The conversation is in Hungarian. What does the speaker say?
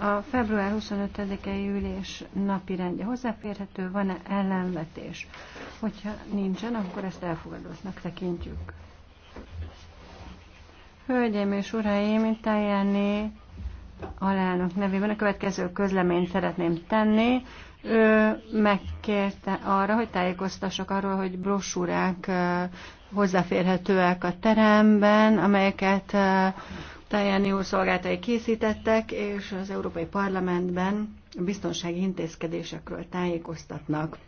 A február 25-i ülés napi rendje hozzáférhető, van-e ellenvetés? Hogyha nincsen, akkor ezt elfogadottnak tekintjük. Hölgyeim és uraim, mint Tajani alelnök nevében a következő közleményt szeretném tenni. Ő megkérte arra, hogy tájékoztassak arról, hogy brosúrák hozzáférhetőek a teremben, amelyeket Tajani úr szolgáltai készítettek, és az Európai Parlamentben a biztonsági intézkedésekről tájékoztatnak.